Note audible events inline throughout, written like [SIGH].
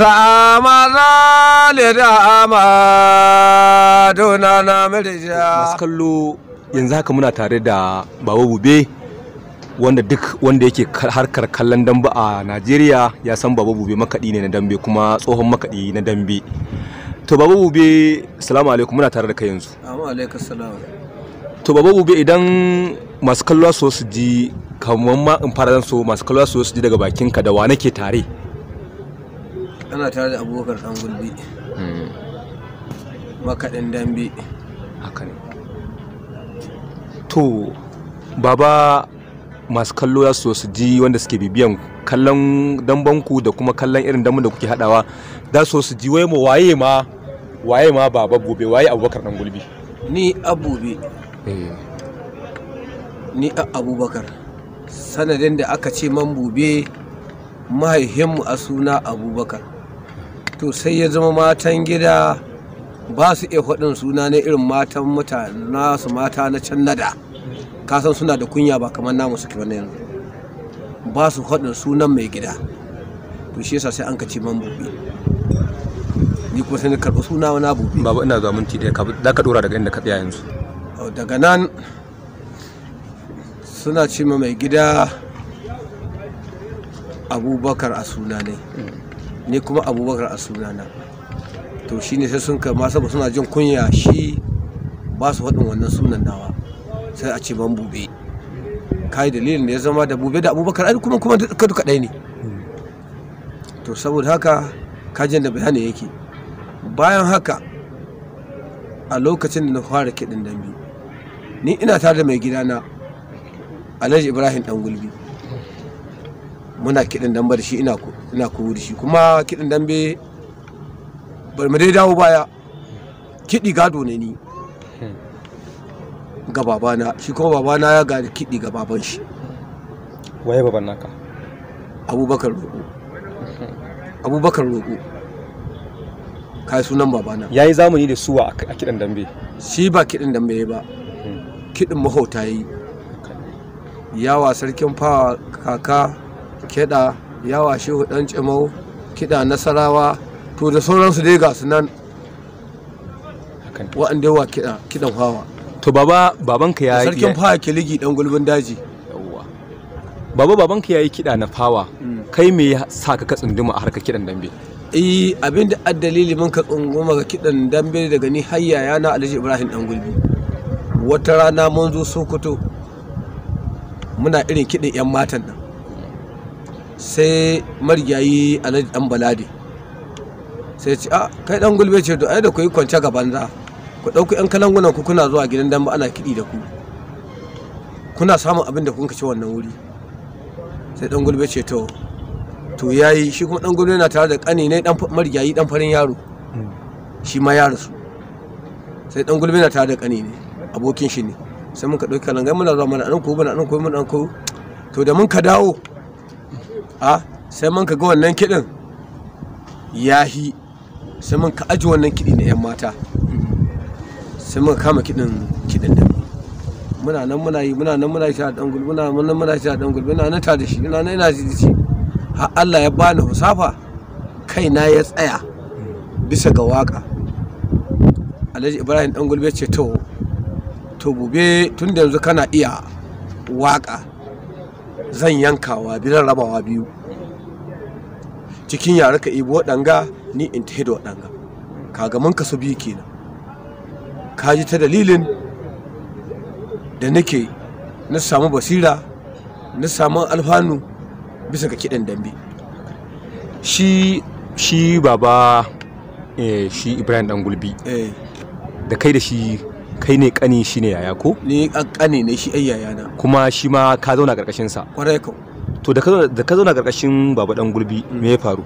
sa'amana le dama dona na mirja masu kallo yanzu haka muna tare da baba bube wanda duk wanda yake harkar kallon dambe a najeriya ya san baba bube makaɗi ne na dambe kuma tsohon makaɗi na dambe to baba bube salamu alaikum muna tare da kai yanzu to baba bube idan masu kallo so su ji kamar ma in fara so masu kallo so su ji daga bakinka da wa nake tare ana tare da abubakar dan gulbi hmm. makaɗin dambe haka ne to baba masu kallo ya so su ji wanda suke bibiyan kallon dambanku da kuma kallon irin damban da kuke hadawa da so su ji wai mu waye ma waye ma baba gobe waye abubakar dan gulbi ni abubi eh. ni a abubakar sanadin da aka ce man bube mahaihinmu a suna abubakar to sai ya zama matan gida ba su iya faɗin suna na irin matan mutane su mata na can nada kasan suna da kunya ba kamar namu suke wani yanzu ba su faɗin sunan mai gida to shi yasa sai an kace man bubi ni kuma sai ni karɓi suna wani bubi baba ina zuwa minti ɗaya za ka ɗora daga inda ka tsaya yanzu daga nan suna ce mai gida abubakar a suna ne mm. ni kuma abubakar a sunana to shine sai sun kama saboda suna jin kunya shi ba su faɗin wannan sunan nawa sai a ce ban bube kai dalilin da ya zama da bube da abubakar ai kuma kuma duka duka ɗaya ne to saboda haka kajin da bayani yake bayan haka a lokacin da na fara kiɗin dambe ni ina tare da mai gidana alhaji ibrahim dan gulbi muna kiɗin dambe da shi ina ina da shi kuma kiɗin dambe bar mu dai dawo baya kiɗi gado ne ni ga babana shi kuma babana ya gari kiɗi ga baban shi waye baban naka abubakar roƙo abubakar roƙo kai sunan babana ya yi zamani da suwa a kiɗin dambe shi ba kiɗin dambe ba hmm. kiɗin mahauta ya yi yawa sarkin fawa kaka kiɗa yawa shehu dan cimau kiɗa nasarawa to da sauransu dai ga su nan wa'anda yawa kiɗan hawa to baba babanka ya yi sarkin fawa kiligi ɗan gulbin daji baba babanka ya yi kiɗa na fawa mm. kai me ya saka ka tsunduma a harkar kiɗan dambe eh abin da addalili mun ka tsunguma ga kiɗan dambe daga ni hayya yana alhaji ibrahim dan gulbi wata rana mun zo sokoto muna irin kiɗin 'yan matan nan sai marigayi alhaji dan balade sai ce a ah, kai dan gulbe ce to ai da ku yi kwance ga banza ku ɗauki yan kalangunan ku kuna zuwa gidan dan ana kiɗi da ku kuna samun abin da kun ci wannan wuri sai dan gulbe ce to to yayi shi kuma dan gulbe yana tare da kani ne dan marigayi dan farin yaro shi ma ya rasu sai dan gulbe yana tare da kani ne abokin shi ne sai muka ɗauki kalangai muna zuwa mana anan ko muna anan ko muna nan ko to da mun ka dawo a ah, sai man ka ga wannan kiɗin yahi sai man ka aji wannan kiɗi na 'yan mata sai man kama kiɗin kiɗin da muna nan muna yi muna nan muna yi a gulbi muna nan muna yi a gulbi muna nan ta da shi Muna nan ina ji da shi har Allah ya bani husafa Kai na ya tsaya bisa ga waka Alhaji Ibrahim ya ce to to bube tun da yanzu kana iya waka zan yankawa biyu zan rabawa biyu cikin yare ka ibo waɗanga ni in ta da waɗanga kaga mun kasu biyu kenan ka ji ta dalilin da nake na samu basira na samu alfanu bisa ga kiɗan dambe shi shi baba eh, shi ibrahim dan gulbi eh. da kai da shi kai ne kani shi ne yaya ko ni kani ne shi ai yaya na kuma shi ma ka zauna karkashin sa kwarai ko to da ka zauna karkashin baba dan gulbi mm. me ya faru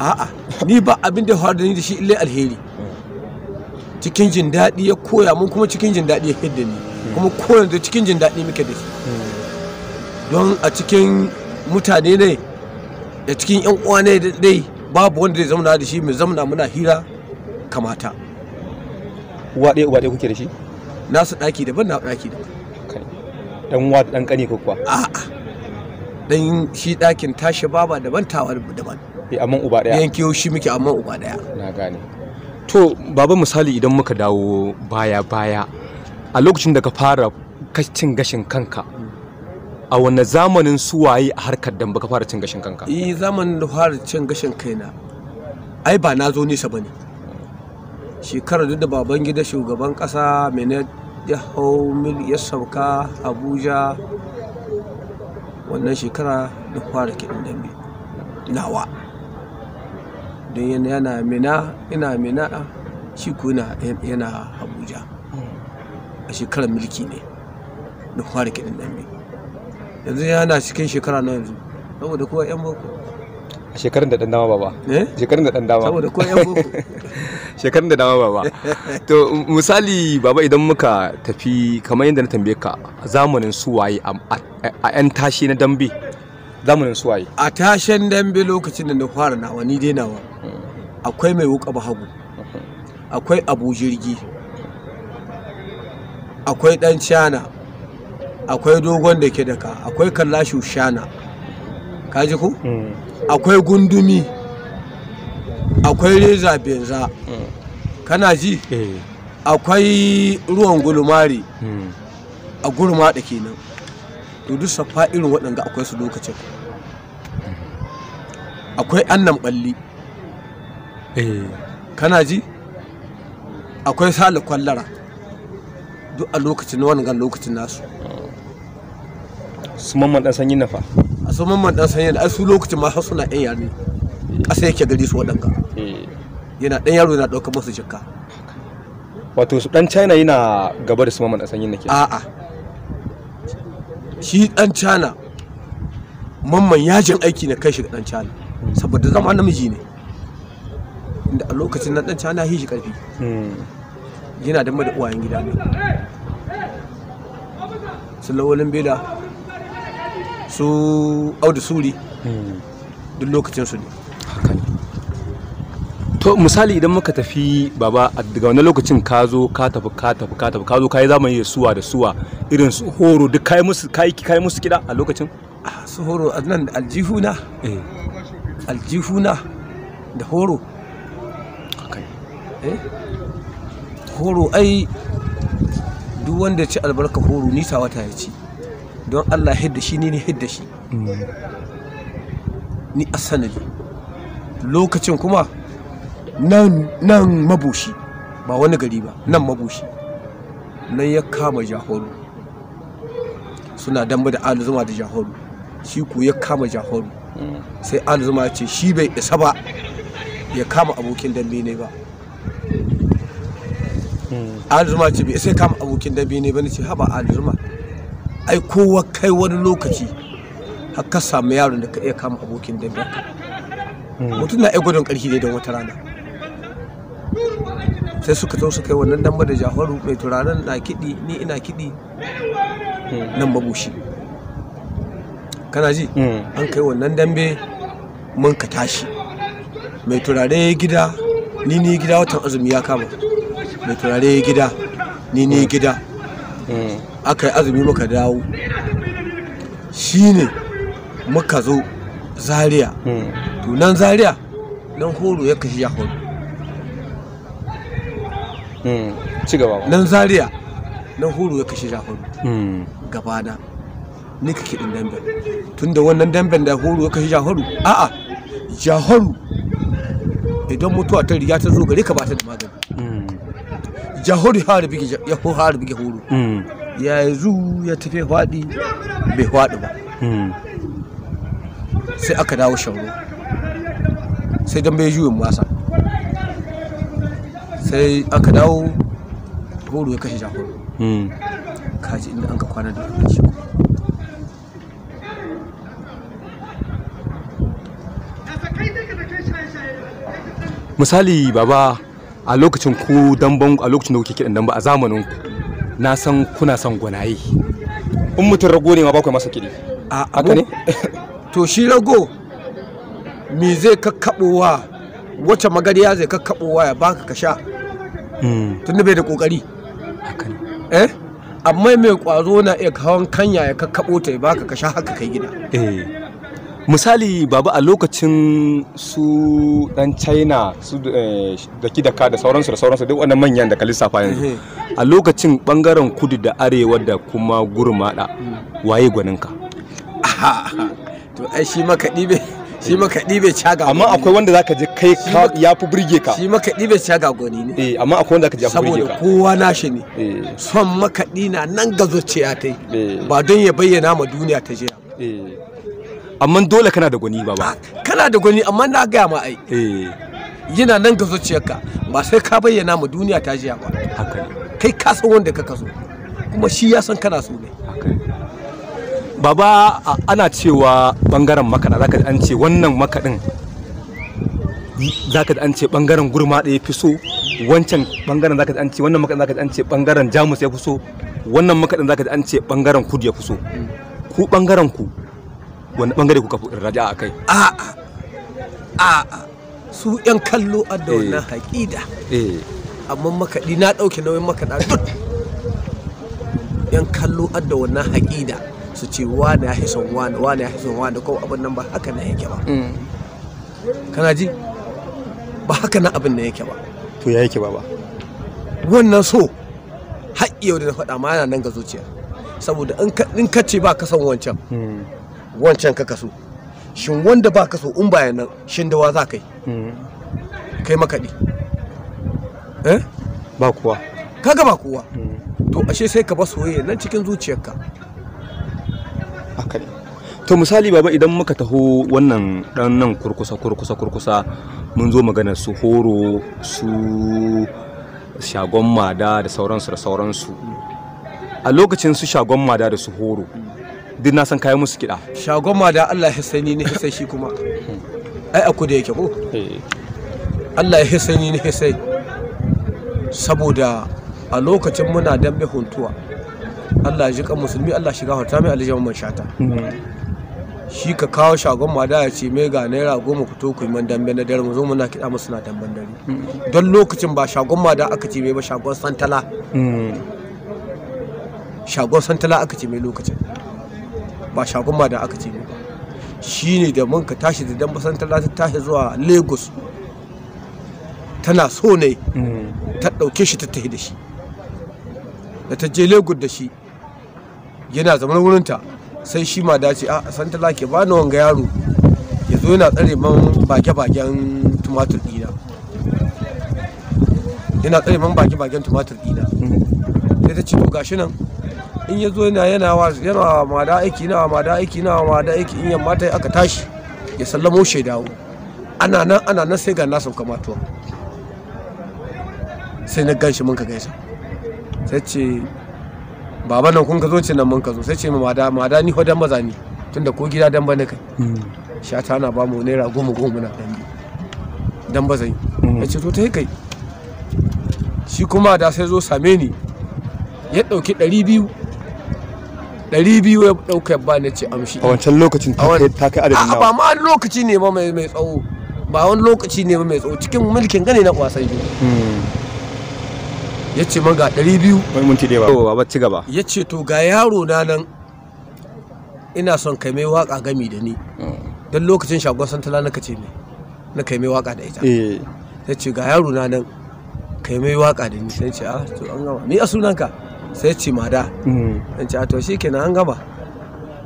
a'a ni ba abin da faru da ni da shi illai alheri cikin jin daɗi ya koya mun kuma cikin jin daɗi ya fidda ni mm. kuma koya da cikin jin daɗi muke da shi mm. don a cikin mutane ne da cikin yan uwa ne dai babu wanda zai zauna da shi mu zauna muna hira kamata uwa ɗaya uba ɗaya kuke da shi nasu ɗaki daban na ɗaki daban dan uwa da dan kane ko kuwa a'a dan shi ɗakin tashi baba daban tawa daban eh amma uba ɗaya yanke shi muke amma uba ɗaya na gane to baba misali idan muka dawo baya baya a lokacin da ka fara cin gashin kanka a wane zamanin suwaye a harkar dan baka fara cin gashin kanka eh zamanin da fara cin gashin kaina ai ba na zo nesa bane shekarar duk da baban gida shugaban kasa mai ya hau mil ya sauka abuja wannan shekara da fara kiɗin dambe nawa don yana mina ina mina shi kuna yana abuja a shekarar mulki ne da fara kiɗin dambe yanzu yana cikin shekara na yanzu saboda kowa 'yan boko shekarun da dan dama baba eh? shekarun da dan dama saboda ko yan [LAUGHS] shekarun da dama baba to misali baba idan muka tafi kamar yadda na tambaye ka zamanin suwaye a yan tashi na dambe zamanin suwaye a tashen dambe lokacin da na fara nawa ni dai nawa akwai mai wuka hagu akwai abu jirgi akwai dan cana akwai dogon da ke daka akwai kallashu shana kaji ku mm. akwai gundumi akwai reza benza mm. kana ji eh. akwai ruwan gulmari mm. a gurma da kenan to duk saffa irin waɗanda akwai su lokacin akwai annan balli eh. kana ji akwai sale kwallara duk a lokacin wani lokacin nasu su mamman ɗan sanyi nafa su mamman dan sanya da su lokacin ma har suna yan yare ƙasa yake gari su waɗanka eh. yana ɗan yaro yana ɗaukar masu jikka wato su ɗan china yana gaba da su mamman dan sanya nake a'a shi ɗan china mamman yajin aiki na kai shi dan ɗan china saboda zama namiji ne inda a lokacin na ɗan china hishi ƙarfi hmm. yana da uwayen gida ne sulawolin bela su audu suri hmm. duk lokacin su ne to misali idan muka tafi baba a daga wani lokacin ka zo ka tafi ka tafi ka tafi ka zo ka yi zamani da suwa da suwa irin su horo duk kai musu kai kai musu kida a lokacin ah, su horo a nan aljihuna eh. aljihuna da horo eh? horo ai duk wanda ci albarka horo nisa wata ya ci don Allah hidda shi ne ne hidda shi ni a sanadi lokacin kuma nan mabushi ba wani gari ba nan mabushi nan ya kama jahoru suna damba da alizuma da jahoru shi ku ya kama jahoru sai alizuma ya ce shi bai isa ba ya kama abokin dambe ne ba alizuma ce bai isa kama abokin dambe ne ba ne ce haba alizuma ai kowa kai wani lokaci har ka samu yaron da ka iya kama abokin ka mutum na ai gudun karfi ne don wata rana sai suka zo suka yi wannan damba da jahoru mai turaren na kiɗi ni ina kiɗi nan babushi kana ji hmm. an kai wannan dambe mun ka tashi mai turare gida ni ni gida watan azumi ya kama mai turare gida ni ni hmm. gida hmm. aka yi azumi muka dawo shine muka zo zaria to nan zaria nan horo ya kashi ya horo nan zaria nan horo ya kashi ya horo hmm. gabana ni kake din damben da wannan damben da horo ya kashi jahoru a'a horo idan mutuwa ta riga ta zo gare ka ba ta da magani jahoru ya harbi ya horo ya yi zu ya tafi faɗi bai faɗi ba hmm. sai aka dawo shauro sai don bai juyin wasa sai aka dawo horo ya kashe jakoro hmm. kaji inda an ka kwana da shi misali baba a lokacin ku damban a lokacin da kuke kiɗan damba a zamanin ku na san kuna son gwanaye in mutum rago ne ma bakwai masa kiɗi a haka ne [LAUGHS] to shi rago me zai kakkaɓowa wacce magariya zai kakkaɓowa ya baka ka sha hmm. tunda bai da kokari haka ne eh amma mai kwazo na iya hawan kanya ya kakkaɓo ta ya baka ka sha haka kai gida eh misali babu a lokacin su dan china su eh, da kidaka da sauransu da sauransu duk wannan manyan da ka lissafa yanzu eh. a lokacin bangaren kudu da arewa da kuma gurmada waye gwaninka to ai shi makaɗi dibe shi makaɗi dibe caga amma akwai wanda zaka je kai ya fi burge ka shi makaɗi dibe caga gwani ne eh amma akwai wanda zaka je ya fi burge ka saboda kowa nashi ne eh. son makaɗi na nan ga zuciya ta ba don ya bayyana ma duniya ta eh amma dole kana da gwani baba ah, kana da gwani amma na gaya ma ai eh. yana nan ga zuciyarka ba sai ka bayyana ma duniya ta jiya ba haka ne kai ka san wanda ka kaso kuma shi ya san kana so ne baba ana cewa bangaren makana zaka an ce wannan makadin zaka an ce bangaren gurma da ya fi so wancan bangaren zaka an ce wannan makadin zaka an ce bangaren jamus ya fi so wannan makadin zaka an ce bangaren kudu ya fi so mm. ku bangaren ku wani bangare kuka raja a kai a a su yan kallo a da wannan eh. haƙida eh. amma makaɗi na ɗauke nauyin makaɗa duk yan kallo a da wannan haƙida su ce wane ya hison wane wane ya hison wane ko abin nan ba haka na yake ba mm. kana ji ba haka na abin na yake ba to ya yake ba ba wannan so haƙƙi yau da na faɗa ma yana nan ga zuciya saboda in ka ce ba ka san wancan mm. wancan ka kaso shin wanda ba kaso in ba yana shin dawa za ka yi mm. kai makaɗi eh ba kowa kaga ba kowa mm. to ashe sai ka ba soyayya nan cikin zuciyarka akali to misali baba idan muka taho wannan dan nan kurkusa kurkusa kurkusa mun zo magana su horo su shagon mada da sauransu da sauransu a lokacin su shagon mada da su horo duk na san kayan musu kiɗa shagon ma da Allah ya sani ne sai shi kuma ai aku da yake ko eh. Allah ya sani ne sai saboda a lokacin muna dambe huntuwa Allah ya ji kan musulmi Allah shiga hauta mai aljama man shata shi ka kawo shagon da ya ce mai ga naira goma ku to yi man dambe na dare mu zo muna kiɗa musu na damben dare don lokacin ba shagon da aka ce mai ba shagon santala hmm. shagon santala aka ce mai lokacin ba shagon da aka ce ba ne da mun ka tashi da dan basantar ta tashi zuwa lagos tana so ne mm. ta ɗauke shi ta tafi da shi da ta je lagos da shi yana zaman wurinta sai shi ma dace a ah, lake ke na wanga yaro ya zo yana tsare man bage-bagen tumatur dina yana tsare man bage-bagen tumatur dina mm. sai ta ce to gashi nan in ya zo yana yana wa yana wa mada aiki na wa mada aiki na wa mada aiki in yamma ta aka tashi ya sallamo shi dawo ana nan ana nan sai ga na sauka matuwa sai na ganshi mun ka gaisa sai ce baba nan kun ka zo ce nan mun ka zo sai ce ma mada mada ni ho dan maza ni tunda ko gida dan bane kai hmm. shata na ba mu naira goma goma muna dan dan bazai hmm. ya ce to ta kai shi kuma da sai zo same ni ya ɗauki ɗari biyu ɗari biyu ya ɗauka ba na ce amshi a wancan lokacin ta kai adadin nawa ba ma lokaci ne ma mai tsawo ba wani lokaci ne ma mai tsawo cikin mulkin gane na wasan shi hmm. ya ce man ga ɗari biyu wani minti ɗaya ba ba ci gaba ya ce to ga yaro na nan ina son kai mai waka gami da ni hmm. don lokacin shagon santala na kace mai na kai mai waka da ita eh. ya ce ga yaro na nan kai mai waka da ni sai ce a ah, to an gama me a sunanka sai mm. ce mada in ci to shi kenan an gama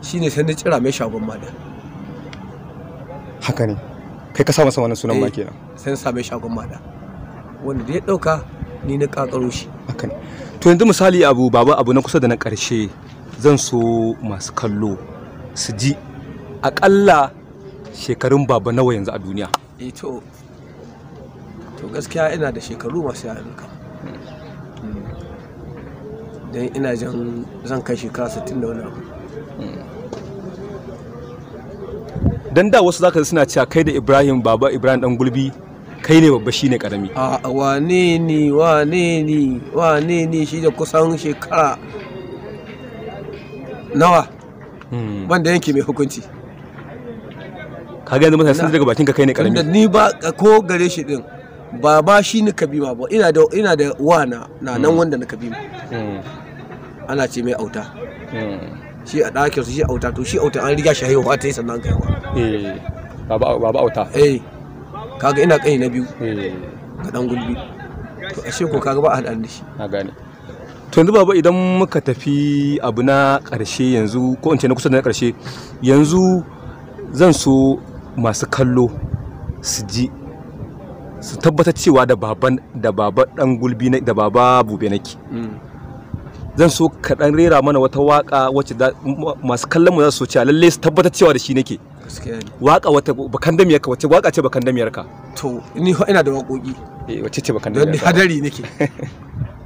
shi ne sai na cira mai shagon mada haka ne kai ka sa masa wannan sunan ma eh, kenan sai na sa mai shagon mada wanda da ya dauka ni na kakaro shi haka ne to yanzu misali abu baba abu na kusa da na karshe zan so masu kallo su ji akalla shekarun baba nawa yanzu a duniya eh to to gaskiya ina da shekaru masu yawa don ina jan zan kai shekara 60 da wani abu dan da wasu zaka suna cewa kai da Ibrahim baba Ibrahim dan gulbi kai ne babba shine karami a wane ne wane ne wane ne shi da kusan shekara nawa Wanda hmm. yanke mai hukunci ka yanzu mutane sun daga bakin ka kai ne karami ni ba ko gare shi din ba ba shi ni kabima ba ina da ina da wana na nan hmm. wanda na kabima ana ce mai auta hmm. shi a ɗakin su shi auta to shi auta an riga shi haihuwa ta yi sannan kaiwa eh, baba auta eh kaga ina kai na biyu eh. ga dan gulbi to ashe ko kaga ba a hadan da shi na gane to yanzu baba idan muka tafi abu na karshe yanzu ko in ce na kusa da na karshe yanzu zan so masu kallo su ji su tabbatar cewa da baban da baba dan gulbi da baba bube nake hmm. zan so dan rera mana wata waka wacce masu kallon mu za su cewa lalle su tabbatar cewa da shi nake waka wata bakan damiyarka wacce waka ce bakan damiyarka to ni ho ina da waƙoƙi eh wacce ce bakan damiyarka don hadari nake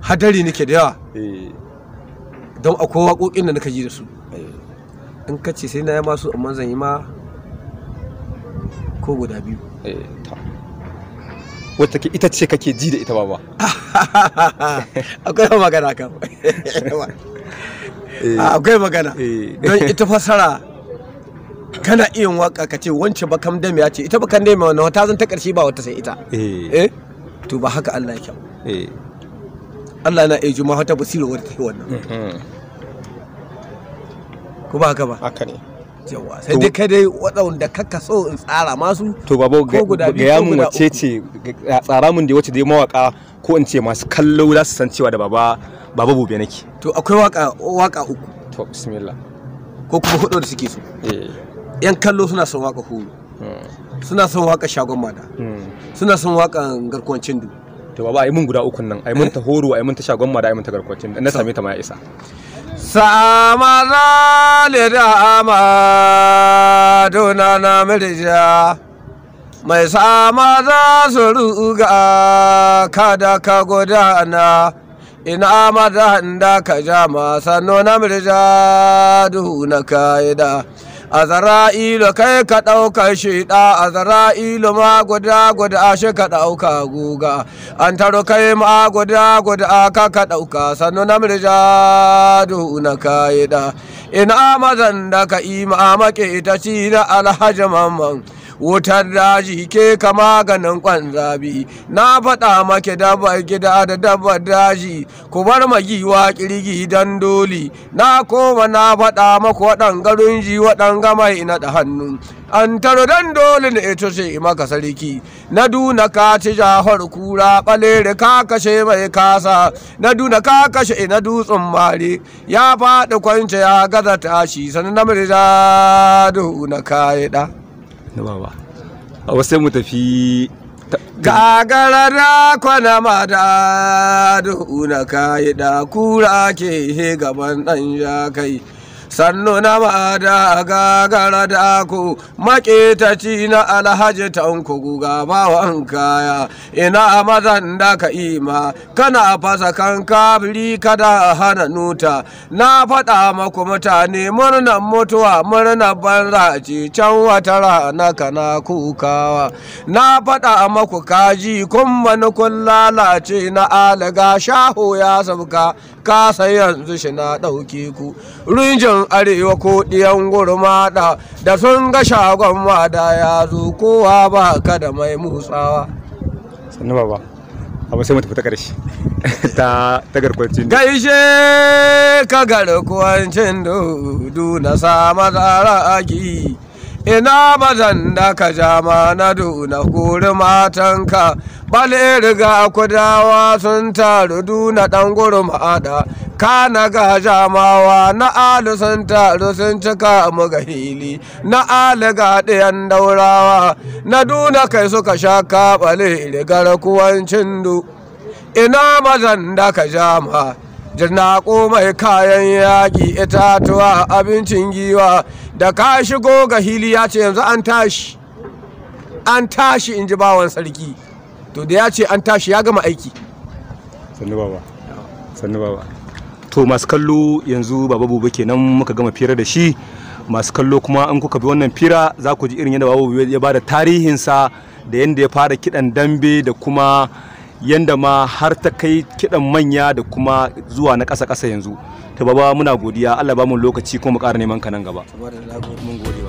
hadari nake da yawa [LAUGHS] eh don akwai waƙoƙin da nake ji da su eh. in ka ce sai na yi masu amma zan yi ma ko guda biyu eh wata ita ce kake ji da ita ba [LAUGHS] akwai magana kan eh. ah, akwai magana eh. don ita fasara kana iya waka ka ce wance kam dame ya ce ita kan dame wannan wata zan ta karshe ba wata sai ita eh. eh to ba haka Allah ya kyau Allah na iya juma'a ta basirar wata wannan mhm. ku ba haka ba haka ne yawa sai dai kai dai waɗanda kaka so in tsara masu to babu ga ya mun wace ce tsara mun da wace dai mawaka ko in ce masu kallo za su san cewa da baba baba bube nake to akwai waka waka uku to bismillah ko kuma hudu da suke so eh. yan kallo suna son waka huru hmm. suna son waka shagon mada hmm. suna son waka garkuwan cindu to ba ai mun guda uku nan ai mun ta horo ai mun ta shagon ma da ai mun ta garkwacin na same ta ma ya isa sama le da ama dona na mirja mai sama za su ruga kada ka godana ina maza da ka ja ma sanno na mirja duhu na ka'ida Zara'ilo kai ka ɗauka shi ɗa ma guda guda shi ka ɗauka guga an taro kai ma guda guda ka ka ɗauka sannu na mirjadu na yi ɗa ina mazan da ka ima make ita ci da alhaji mamman wutar daji ke kama ganin zabi na faɗa make dabar gida da dabar daji ku bar magiwa kirgi dan doli na koma na faɗa maku waɗan garun ji waɗan gama ina da hannu an taro dan doli ne ito ce maka sarki na duna ka ci jahar kura ɓalere, ka kashe mai kasa na duna ka kashe ina dutsen mare ya faɗi kwance ya gaza tashi sannan na mirza duna ka yi na baba a wasu mu tafi gagarara kwana mata da kayi da kura ke gaban ɗan ya kai sannu na ma'ada gagara da ku maƙetaci na alhaji tanku guga kaya ina mazan da ka ima kana fasa kan kabiri kada hana nuta na faɗa maku mutane murnan mutuwa murnan banza ce can wata rana kana kukawa na faɗa maku kaji kun mani kun lalace na alaga shaho ya sauka kasa yanzu shi na ɗauki ku rinjin arewa ko ɗiyan gurmaɗa da sun ga shagon mada ya zo kowa ba ka da mai musawa sannu baba abu sai mutu fita ƙarshe [LAUGHS] ta garkwancin gaishe ka garkwancin dudu na sama tsara aki ina bazan da ka jama na duna kuri matanka bale riga kudawa sun taru duna ɗan Ka na ga jamawa na alu sun taru sun cika ga hili na alu ga ɗayan daurawa na duna kai suka sha ka kaɓale rigar kuwancin du ina bazan da ka ma jirna mai kayan yaƙi itatuwa abincin giwa da ka shigo ga hili ya ce yanzu an tashi an tashi in ji bawan sarki to da ya ce an tashi ya gama aiki sannu baba sannu baba to masu kallo yanzu baba buba kenan muka gama fira da shi masu kallo kuma in kuka bi wannan fira za ku ji irin yadda baba ya ba bada tarihinsa da yadda ya fara kiɗan dambe da kuma yanda ma har ta kai kiɗan manya da kuma zuwa na ƙasa-ƙasa yanzu ta baba muna godiya allah ba mu lokaci kuma mu ƙara neman ka nan gaba mun gode